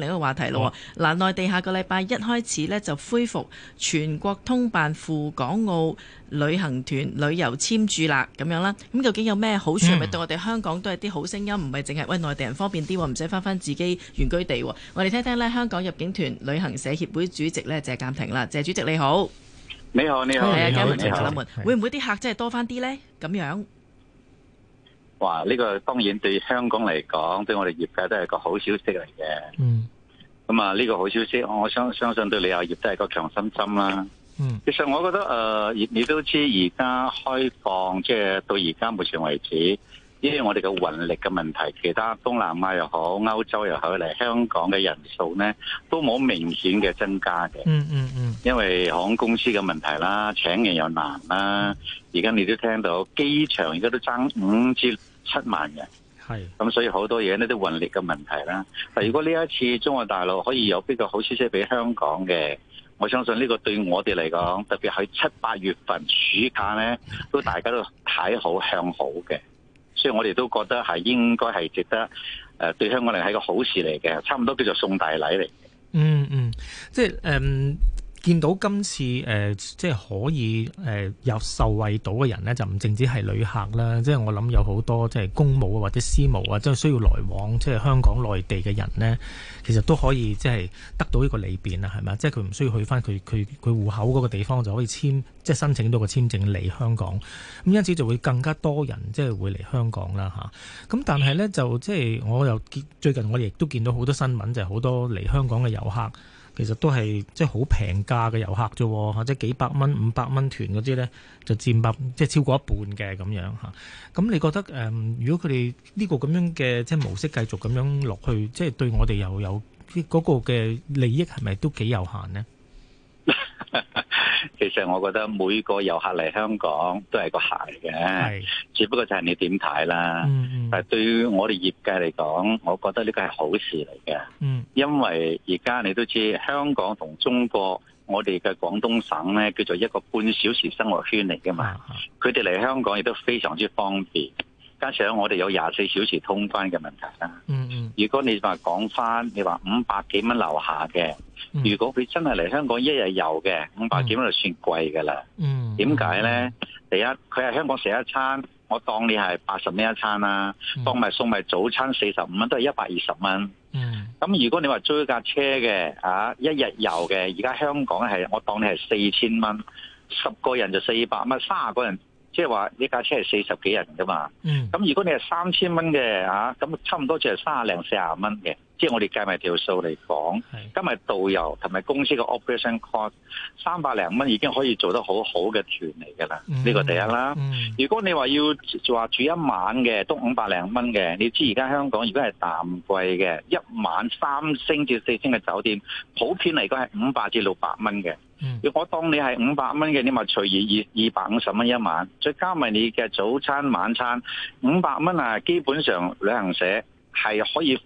另一個話題咯，嗱、哦，內、啊、地下個禮拜一開始咧就恢復全國通辦赴港澳旅行團旅遊簽注啦，咁樣啦。咁究竟有咩好處？係、嗯、咪對我哋香港都係啲好聲音？唔係淨係喂內地人方便啲，唔使翻翻自己原居地。我哋聽聽咧，香港入境團旅行社協會主席咧謝淦廷啦，謝主席你好，好你，好、啊、你好，你好你好，係啊，嘉雯同埋啦，會唔會啲客真係多翻啲呢？咁樣。哇！呢個當然對香港嚟講，對我哋業界都係個好消息嚟嘅。嗯。咁啊，呢個好消息，我相相信對旅遊業都係個強心針啦。嗯。其實我覺得誒，你都知而家開放，即係到而家目前為止，因為我哋嘅運力嘅問題，其他東南亞又好，歐洲又好，嚟香港嘅人數咧，都冇明顯嘅增加嘅。嗯嗯嗯。因為航空公司嘅問題啦，請人又難啦。而家你都聽到機場而家都爭五千、七萬人，係咁，所以好多嘢呢都運力嘅問題啦。但如果呢一次中國大陸可以有比較好消息俾香港嘅，我相信呢個對我哋嚟講，特別喺七八月份暑假呢，都大家都睇好向好嘅。所以我哋都覺得係應該係值得誒，對香港嚟係個好事嚟嘅，差唔多叫做送大禮嚟嘅。嗯嗯，即係、嗯見到今次誒、呃，即係可以誒有、呃、受惠到嘅人呢，就唔淨止係旅客啦，即係我諗有好多即係公務或者私務啊，即係需要來往即係香港內地嘅人呢，其實都可以即係得到呢個利便啊，係咪？即係佢唔需要去翻佢佢佢戶口嗰個地方就可以簽，即係申請到個簽證嚟香港。咁因此就會更加多人即係會嚟香港啦吓咁、啊、但係呢，就即係我又最近我亦都見到好多新聞，就係、是、好多嚟香港嘅遊客。其實都係即係好平價嘅遊客啫喎，或者幾百蚊、五百蚊團嗰啲呢，就佔百即係超過一半嘅咁樣嚇。咁你覺得誒、呃，如果佢哋呢個咁樣嘅即係模式繼續咁樣落去，即係對我哋又有啲嗰、嗰個嘅利益係咪都幾有限呢？ 其實我覺得每個遊客嚟香港都係個客嚟嘅，只不過就係你點睇啦。嗯、但係對於我哋業界嚟講，我覺得呢個係好事嚟嘅、嗯。因為而家你都知，香港同中國，我哋嘅廣東省咧叫做一個半小時生活圈嚟噶嘛，佢哋嚟香港亦都非常之方便。加上我哋有廿四小時通關嘅問題啦、嗯嗯。如果你話講翻，你話五百幾蚊留下嘅、嗯，如果佢真係嚟香港一日遊嘅，五百幾蚊就算貴噶啦。點解咧？第一，佢係香港食一餐，我當你係八十蚊一餐啦、啊嗯，當埋送埋早餐四十五蚊都係一百二十蚊。咁、嗯嗯、如果你話租一架車嘅啊，一日遊嘅，而家香港係我當你係四千蚊，十個人就四百蚊，三十個人。即係話呢架車係四十幾人噶嘛，咁、嗯、如果你係三千蚊嘅，吓、啊、咁差唔多就係三廿零四廿蚊嘅。即係我哋計埋條數嚟講，今日導遊同埋公司嘅 operation cost，三百零蚊已經可以做得好好嘅團嚟㗎啦。呢、mm -hmm. 個第一啦。如果你話要就話住一晚嘅，都五百零蚊嘅。你知而家香港如果係淡季嘅，一晚三星至四星嘅酒店，普遍嚟講係五百至六百蚊嘅。如果當你係五百蚊嘅，你咪隨意二二百五十蚊一晚，再加埋你嘅早餐晚餐，五百蚊啊，基本上旅行社係可以。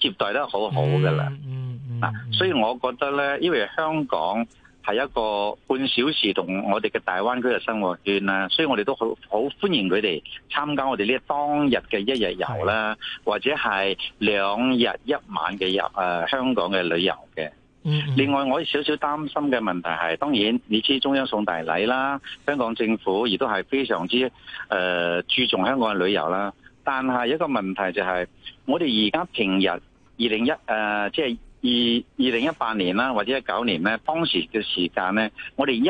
接待得好好嘅啦，嗱、嗯嗯嗯啊，所以我覺得咧，因為香港係一個半小時同我哋嘅大灣區嘅生活圈啊，所以我哋都好好歡迎佢哋參加我哋呢當日嘅一日遊啦，或者係兩日一晚嘅遊誒香港嘅旅遊嘅、嗯。另外我哋少少擔心嘅問題係，當然你知中央送大禮啦，香港政府亦都係非常之誒、呃、注重香港嘅旅遊啦。但係一個問題就係、是，我哋而家平日二零一誒，即係二二零一八年啦，或者一九年咧，當時嘅時間咧，我哋一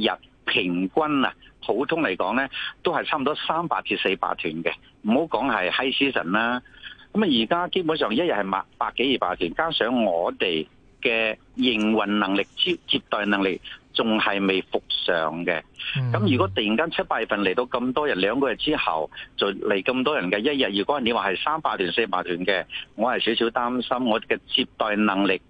日平均啊，普通嚟講咧，都係差唔多三百至四百團嘅，唔好講係 high season 啦。咁啊，而家基本上一日係百百幾二百團，加上我哋嘅營運能力接接待能力。仲係未復上嘅，咁如果突然間七八月份嚟到咁多人，兩個月之後就嚟咁多人嘅一日，如果你話係三百團、四百團嘅，我係少少擔心我嘅接待能力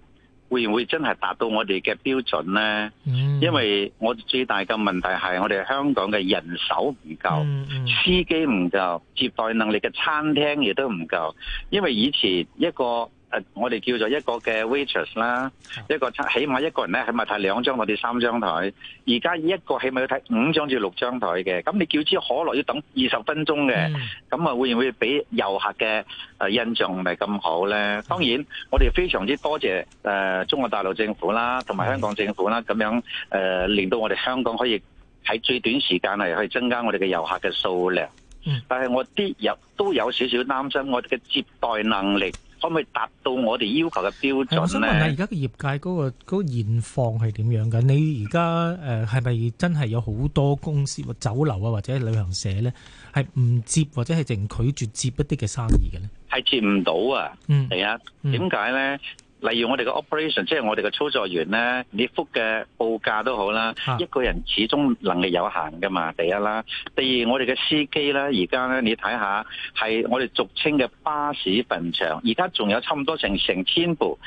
會唔會真係達到我哋嘅標準呢？Mm. 因為我最大嘅問題係我哋香港嘅人手唔夠，mm. 司機唔夠，接待能力嘅餐廳亦都唔夠，因為以前一個。誒，我哋叫做一個嘅 waitress 啦，一個起碼一個人咧，起碼睇兩張或者三張台。而家一個起碼要睇五張至六張台嘅，咁你叫支可樂要等二十分鐘嘅，咁啊會唔會俾遊客嘅，誒，印象唔係咁好咧？當然，我哋非常之多謝誒，中國大陸政府啦，同埋香港政府啦，咁樣誒、呃、令到我哋香港可以喺最短時間內去增加我哋嘅遊客嘅數量。但係我啲入都有少少擔心我哋嘅接待能力。可唔可以達到我哋要求嘅標準咧？我想問下，而家嘅業界嗰個嗰個現況係點樣嘅？你而家誒係咪真係有好多公司或酒樓啊，或者旅行社咧，係唔接或者係淨拒絕接一啲嘅生意嘅咧？係接唔到啊！嗯，係啊，點解咧？嗯例如我哋嘅 operation，即係我哋嘅操作員咧，你覆嘅報價都好啦。一個人始終能力有限噶嘛，第一啦。第二我哋嘅司機咧，而家咧你睇下，係我哋俗稱嘅巴士墳場，而家仲有差唔多成成千部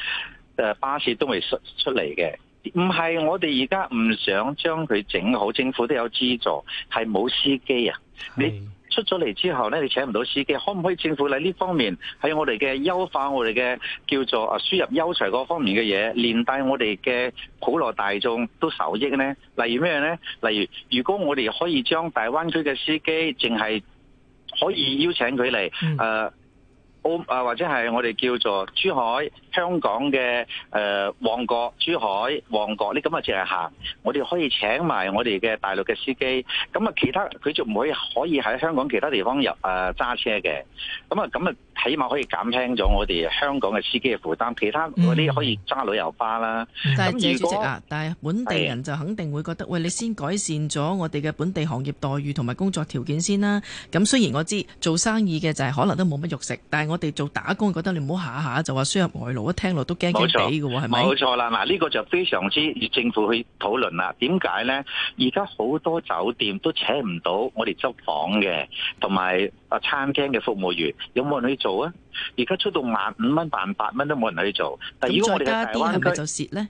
誒巴士都未出出嚟嘅。唔係我哋而家唔想將佢整好，政府都有資助，係冇司機啊，你。出咗嚟之後咧，你請唔到司機，可唔可以政府喺呢方面喺我哋嘅優化我哋嘅叫做啊輸入優才嗰方面嘅嘢，連帶我哋嘅普羅大眾都受益呢？例如咩呢？例如如果我哋可以將大灣區嘅司機，淨係可以邀請佢嚟，誒、嗯。澳啊，或者係我哋叫做珠海、香港嘅誒旺角、珠海旺角，呢咁啊淨係行，我哋可以請埋我哋嘅大陸嘅司機，咁啊其他佢就唔可以可以喺香港其他地方入誒揸車嘅，咁啊咁啊。起碼可以減輕咗我哋香港嘅司機嘅負擔，其他嗰啲可以揸旅遊巴啦。咁、嗯啊、如果但係本地人就肯定會覺得，哎、喂，你先改善咗我哋嘅本地行業待遇同埋工作條件先啦。咁雖然我知做生意嘅就係可能都冇乜肉食，但係我哋做打工覺得你唔好下下就話輸入外勞，一聽落都驚驚死㗎喎，係咪？冇錯啦，嗱，呢個就非常之要政府去討論啦。點解呢？而家好多酒店都請唔到我哋執房嘅，同埋餐廳嘅服務員有冇人可以做？做啊！而家出到萬五蚊，萬八蚊都冇人去做。但如果我哋嘅台灣區，係咪就蝕咧。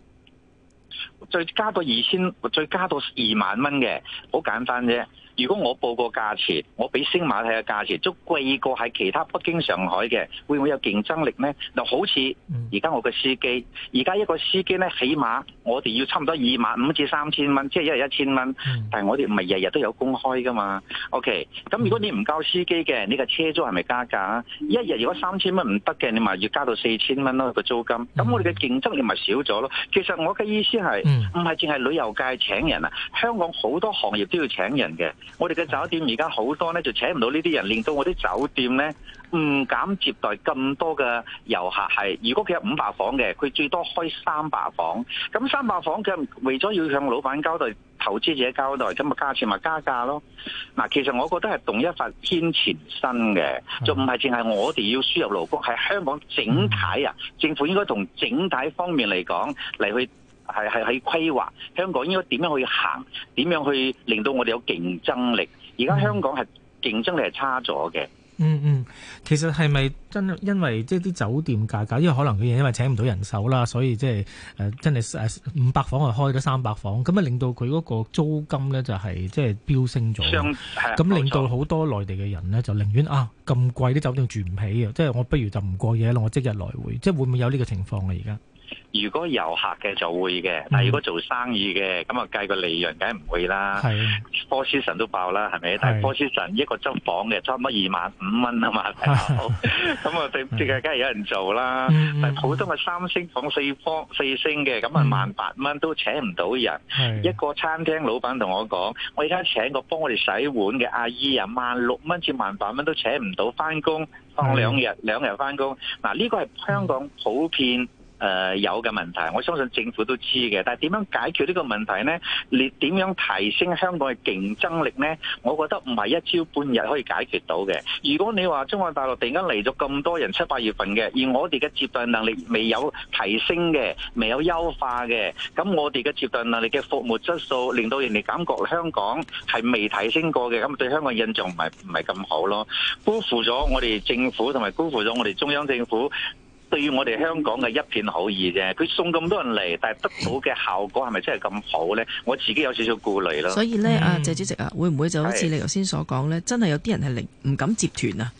再加到二千，再加到二萬蚊嘅，好簡單啫。如果我報個價錢，我畀星馬睇嘅價錢，都貴過喺其他北京、上海嘅，會唔會有競爭力呢？就好似而家我嘅司機，而家一個司機呢，起碼我哋要差唔多二萬五至三千蚊，即係一日一千蚊。但係我哋唔係日日都有工開噶嘛。O K，咁如果你唔交司機嘅，你個車租係咪加價啊？一日如果三千蚊唔得嘅，你咪要加到四千蚊咯個租金。咁我哋嘅競爭力咪少咗咯。其實我嘅意思係，唔係淨係旅遊界請人啊，香港好多行業都要請人嘅。我哋嘅酒店而家好多咧，就請唔到呢啲人，令到我啲酒店咧唔敢接待咁多嘅遊客。係，如果佢有五百房嘅，佢最多開三百房。咁三百房佢，為咗要向老闆交代，投資者交代，咁啊加錢咪加價咯。嗱，其實我覺得係動一發牽全身嘅，就唔係淨係我哋要輸入勞工，係香港整體啊，政府應該從整體方面嚟講嚟去。係係喺規劃香港應該點樣去行？點樣去令到我哋有競爭力？而家香港係、嗯、競爭力係差咗嘅。嗯嗯，其實係咪真因為即係啲酒店價格？因為可能佢因為請唔到人手啦，所以即係誒真係誒五百房我開咗三百房，咁啊令到佢嗰個租金咧就係即係飆升咗。咁、嗯、令到好多內地嘅人咧就寧願啊咁貴啲酒店住唔起啊！即、就、係、是、我不如就唔過夜咯，我即日來回。即、就、係、是、會唔會有呢個情況啊？而家？如果遊客嘅就會嘅，但如果做生意嘅咁啊計個利潤，梗係唔會啦。Four Seasons 都爆啦，係咪？但係 Four Seasons 一個執房嘅差唔多二萬五蚊啊嘛，咁啊對唔住梗係有人做啦？ 但普通嘅三星房四方 四星嘅咁啊萬八蚊都請唔到人。一個餐廳老闆同我講，我而家請個幫我哋洗碗嘅阿姨啊，萬六蚊至萬八蚊都請唔到，返工放兩日，兩日返工。嗱、啊，呢、這個係香港普遍、嗯。誒、呃、有嘅問題，我相信政府都知嘅。但係點樣解決呢個問題呢？你點樣提升香港嘅競爭力呢？我覺得唔係一朝半日可以解決到嘅。如果你話中國大陸突然間嚟咗咁多人，七八月份嘅，而我哋嘅接待能力未有提升嘅，未有優化嘅，咁我哋嘅接待能力嘅服務質素令到人哋感覺香港係未提升過嘅，咁對香港印象唔係唔係咁好咯，辜負咗我哋政府同埋辜負咗我哋中央政府。對於我哋香港嘅一片好意啫，佢送咁多人嚟，但係得到嘅效果係咪真係咁好呢？我自己有少少顧慮咯。所以呢、嗯，啊謝主席啊，會唔會就好似你頭先所講呢？真係有啲人係零唔敢接團啊？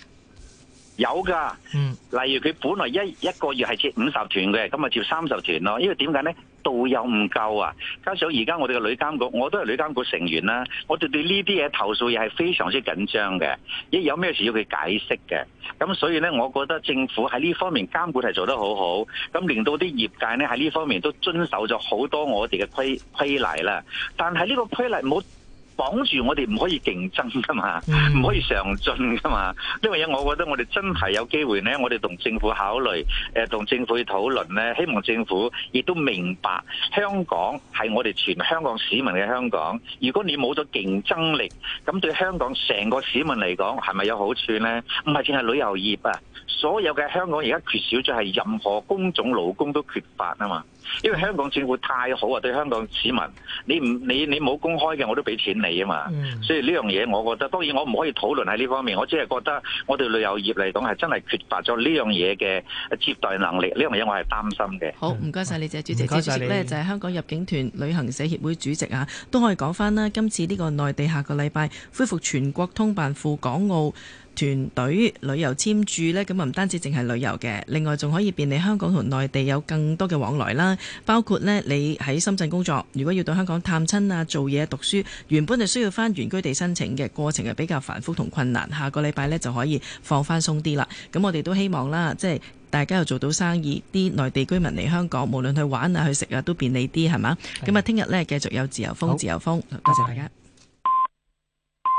有噶，例如佢本來一一個月係接五十團嘅，咁咪接三十團咯。因為點解咧？導遊唔夠啊，加上而家我哋嘅旅監局，我都係旅監局成員啦。我哋對呢啲嘢投訴嘢係非常之緊張嘅，一有咩事要佢解釋嘅。咁所以咧，我覺得政府喺呢方面監管係做得好好，咁令到啲業界咧喺呢在這方面都遵守咗好多我哋嘅規規例啦。但係呢個規例唔好。綁住我哋唔可以競爭噶嘛，唔可以上進噶嘛。呢樣我覺得我哋真係有機會呢。我哋同政府考慮，誒、呃、同政府討論呢，希望政府亦都明白香港係我哋全香港市民嘅香港。如果你冇咗競爭力，咁對香港成個市民嚟講係咪有好處呢？唔係淨係旅遊業啊，所有嘅香港而家缺少咗係任何工種勞工都缺乏啊嘛。因為香港政府太好啊，對香港市民，你唔你你冇公開嘅，我都俾錢你啊嘛。所以呢樣嘢，我覺得當然我唔可以討論喺呢方面，我只係覺得我哋旅遊業嚟講係真係缺乏咗呢樣嘢嘅接待能力。呢樣嘢我係擔心嘅。好唔該晒，謝謝你，謝主席。謝謝主席呢，就係、是、香港入境團旅行社協會主席啊，都可以講返啦。今次呢個內地下個禮拜恢復全國通辦赴港澳。團隊旅遊簽注呢，咁啊唔單止淨係旅遊嘅，另外仲可以便利香港同內地有更多嘅往來啦。包括呢，你喺深圳工作，如果要到香港探親啊、做嘢、讀書，原本係需要翻原居地申請嘅過程係比較繁複同困難，下個禮拜呢，就可以放翻鬆啲啦。咁我哋都希望啦，即係大家又做到生意，啲內地居民嚟香港，無論去玩啊、去食啊，都便利啲係嘛？咁啊，聽日呢，繼續有自由風，自由風，多謝大家。